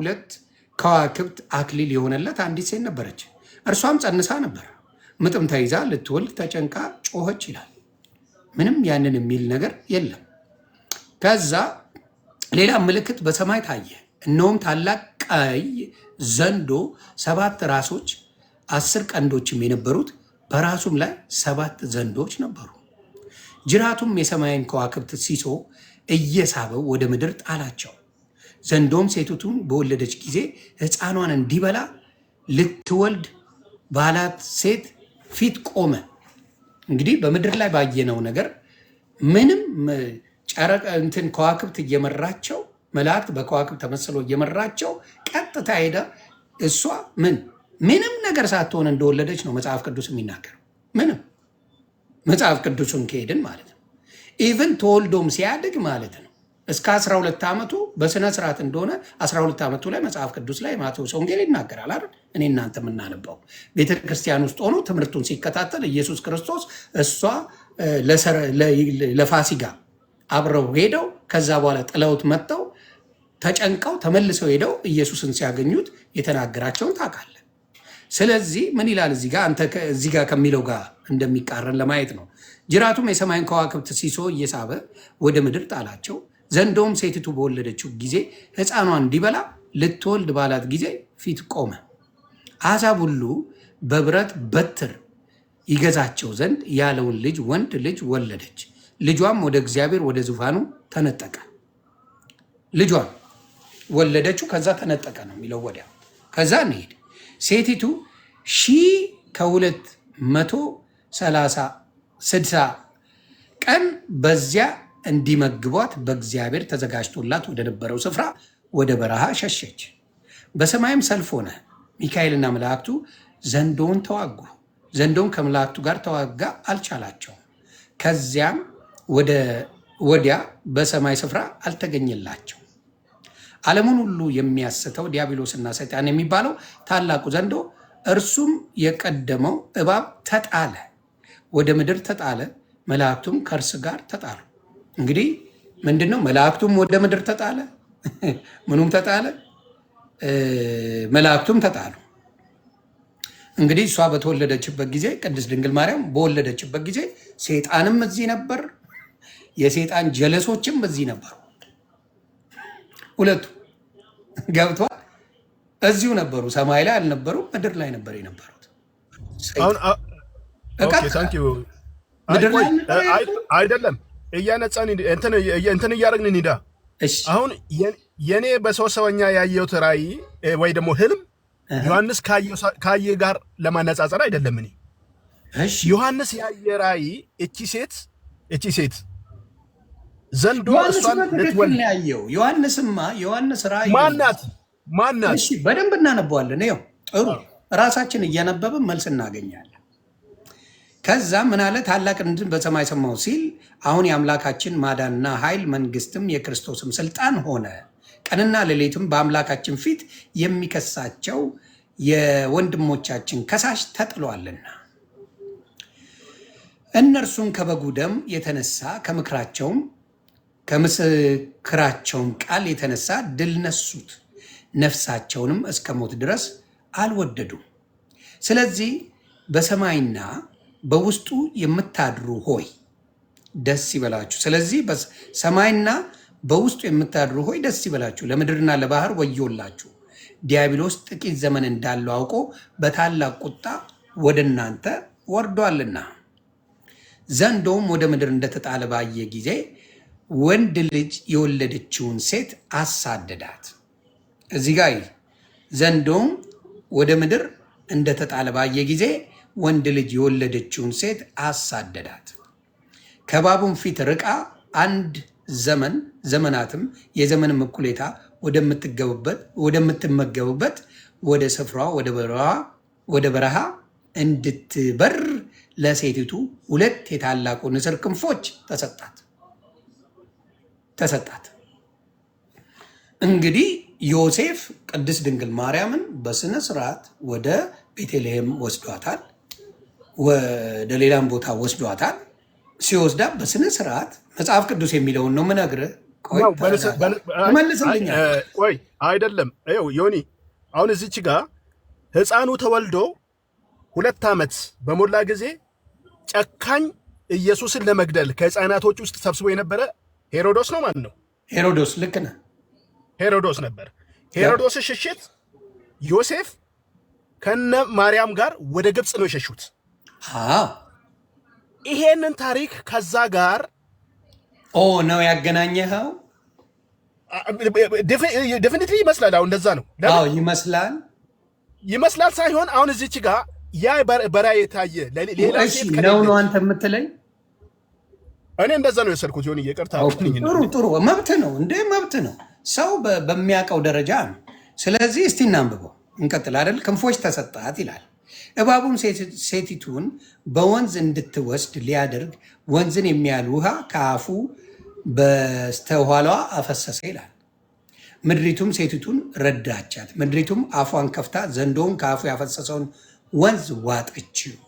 ሁለት ከዋክብት አክሊል የሆነለት አንዲት ሴት ነበረች። እርሷም ጸንሳ ነበር፣ ምጥም ተይዛ ልትወልድ ተጨንቃ ጮኸች ይላል። ምንም ያንን የሚል ነገር የለም። ከዛ ሌላ ምልክት በሰማይ ታየ። እነሆም ታላቅ ቀይ ዘንዶ ሰባት ራሶች አስር ቀንዶችም የነበሩት በራሱም ላይ ሰባት ዘንዶች ነበሩ። ጅራቱም የሰማይን ከዋክብት ሲሶ እየሳበው ወደ ምድር ጣላቸው። ዘንዶም ሴቲቱን በወለደች ጊዜ ሕፃኗን እንዲበላ ልትወልድ ባላት ሴት ፊት ቆመ። እንግዲህ በምድር ላይ ባየነው ነገር ምንም ጨረቀ እንትን ከዋክብት እየመራቸው መላእክት በከዋክብት ተመስሎ እየመራቸው ቀጥታ ሄደ እሷ ምን ምንም ነገር ሳትሆን እንደወለደች ነው መጽሐፍ ቅዱስ የሚናገረው። ምንም መጽሐፍ ቅዱሱን ከሄድን ማለት ነው ኢቨን ተወልዶም ሲያድግ ማለት ነው እስከ 12 ዓመቱ በስነ ስርዓት እንደሆነ 12 ዓመቱ ላይ መጽሐፍ ቅዱስ ላይ ማቴዎስ ወንጌል ይናገራል አይደል? እኔ እናንተ የምናነባው ቤተ ክርስቲያን ውስጥ ሆኖ ትምህርቱን ሲከታተል ኢየሱስ ክርስቶስ እሷ ለፋሲጋ አብረው ሄደው ከዛ በኋላ ጥለውት መጥተው ተጨንቀው ተመልሰው ሄደው ኢየሱስን ሲያገኙት የተናገራቸውን ታውቃለህ። ስለዚህ ምን ይላል እዚህ ጋር አንተ እዚህ ጋር ከሚለው ጋር እንደሚቃረን ለማየት ነው። ጅራቱም የሰማይን ከዋክብት ሲሶ እየሳበ ወደ ምድር ጣላቸው ዘንዶም ሴቲቱ በወለደችው ጊዜ ሕፃኗን እንዲበላ ልትወልድ ባላት ጊዜ ፊት ቆመ። አሕዛብ ሁሉ በብረት በትር ይገዛቸው ዘንድ ያለውን ልጅ ወንድ ልጅ ወለደች። ልጇም ወደ እግዚአብሔር ወደ ዙፋኑ ተነጠቀ። ልጇን ወለደችው፣ ከዛ ተነጠቀ ነው የሚለው። ወዲያ ከዛ እንሄድ። ሴቲቱ ሺህ ከሁለት መቶ ሰላሳ ስድሳ ቀን በዚያ እንዲመግቧት በእግዚአብሔር ተዘጋጅቶላት ወደ ነበረው ስፍራ ወደ በረሃ ሸሸች። በሰማይም ሰልፍ ሆነ፣ ሚካኤልና መላእክቱ ዘንዶውን ተዋጉ። ዘንዶውን ከመላእክቱ ጋር ተዋጋ፣ አልቻላቸውም። ከዚያም ወደ ወዲያ በሰማይ ስፍራ አልተገኘላቸው። ዓለሙን ሁሉ የሚያስተው ዲያብሎስና ሰይጣን የሚባለው ታላቁ ዘንዶ እርሱም የቀደመው እባብ ተጣለ፣ ወደ ምድር ተጣለ። መላእክቱም ከእርስ ጋር ተጣሉ። እንግዲህ ምንድን ነው መላእክቱም ወደ ምድር ተጣለ፣ ምኑም ተጣለ፣ መላእክቱም ተጣሉ። እንግዲህ እሷ በተወለደችበት ጊዜ ቅድስት ድንግል ማርያም በወለደችበት ጊዜ ሴጣንም እዚህ ነበር፣ የሴጣን ጀለሶችም እዚህ ነበሩ። ሁለቱ ገብቷል። እዚሁ ነበሩ፣ ሰማይ ላይ አልነበሩም፣ ምድር ላይ ነበር የነበሩት። አይደለም እያነጻን እንትን እያደረግን እንሂዳ። አሁን የኔ በሶስተኛ ያየሁት ራእይ ወይ ደግሞ ህልም ዮሐንስ ካየ ጋር ለማነጻጸር አይደለም። እኔ ዮሐንስ ያየ ራእይ እቺ ሴት እቺ ሴት ዘንዶ እሷን ያየው ዮሐንስማ ዮሐንስ ራእይ ማናት ማናት? በደንብ እናነበዋለን። ይኸው ጥሩ ራሳችን እያነበብን መልስ እናገኛለን። ከዛ ምን አለ ታላቅ ድምፅን በሰማይ ሰማሁ ሲል አሁን የአምላካችን ማዳንና ኃይል መንግስትም የክርስቶስም ስልጣን ሆነ ቀንና ሌሊትም በአምላካችን ፊት የሚከሳቸው የወንድሞቻችን ከሳሽ ተጥሏልና እነርሱን ከበጉ ደም የተነሳ ከምክራቸውም ከምስክራቸውም ቃል የተነሳ ድል ነሱት ነፍሳቸውንም እስከ ሞት ድረስ አልወደዱም ስለዚህ በሰማይና በውስጡ የምታድሩ ሆይ ደስ ይበላችሁ። ስለዚህ ሰማይና በውስጡ የምታድሩ ሆይ ደስ ይበላችሁ፣ ለምድርና ለባህር ወዮላችሁ። ዲያብሎስ ጥቂት ዘመን እንዳለው አውቆ በታላቅ ቁጣ ወደ እናንተ ወርዷልና። ዘንዶም ወደ ምድር እንደተጣለ ባየ ጊዜ ወንድ ልጅ የወለደችውን ሴት አሳደዳት። እዚህ ጋር ዘንዶም ወደ ምድር እንደተጣለ ባየ ጊዜ ወንድ ልጅ የወለደችውን ሴት አሳደዳት። ከባቡን ፊት ርቃ አንድ ዘመን ዘመናትም የዘመን እኩሌታ ወደምትመገብበት ወደ ስፍራዋ ወደ በረሃ እንድትበር ለሴቲቱ ሁለት የታላቁ ንስር ክንፎች ተሰጣት ተሰጣት። እንግዲህ ዮሴፍ ቅድስት ድንግል ማርያምን በስነ ስርዓት ወደ ቤተልሔም ወስዷታል። ወደ ሌላም ቦታ ወስዷታል። ሲወስዳ በስነ ስርዓት መጽሐፍ ቅዱስ የሚለውን ነው የምነግርህ። መልስልኛል። ቆይ አይደለም ው ዮኒ፣ አሁን እዚች ጋ ህፃኑ ተወልዶ ሁለት ዓመት በሞላ ጊዜ ጨካኝ ኢየሱስን ለመግደል ከህፃናቶች ውስጥ ሰብስቦ የነበረ ሄሮዶስ ነው ማለት ነው። ሄሮዶስ ልክ ነህ። ሄሮዶስ ነበር። ሄሮዶስ ሽሽት ዮሴፍ ከነ ማርያም ጋር ወደ ግብፅ ነው የሸሹት። ይሄንን ታሪክ ከዛ ጋር ኦ ነው ያገናኘኸው። ዴፊኒትሊ ይመስላል። አሁን እንደዛ ነው ይመስላል ይመስላል ሳይሆን አሁን እዚች ጋር ያ በራ የታየ ነው ነው አንተ የምትለኝ። እኔ እንደዛ ነው የወሰድኩት። ሆን እየቀርታ ጥሩ ጥሩ መብት ነው እንደ መብት ነው ሰው በሚያውቀው ደረጃ ነው። ስለዚህ እስቲ እናንብበው እንቀጥል። አይደል ክንፎች ተሰጣት ይላል እባቡም ሴቲቱን በወንዝ እንድትወስድ ሊያደርግ ወንዝን የሚያል ውሃ ከአፉ በስተኋላዋ አፈሰሰ ይላል። ምድሪቱም ሴቲቱን ረዳቻት። ምድሪቱም አፏን ከፍታ ዘንዶውን ከአፉ ያፈሰሰውን ወንዝ ዋጠችው።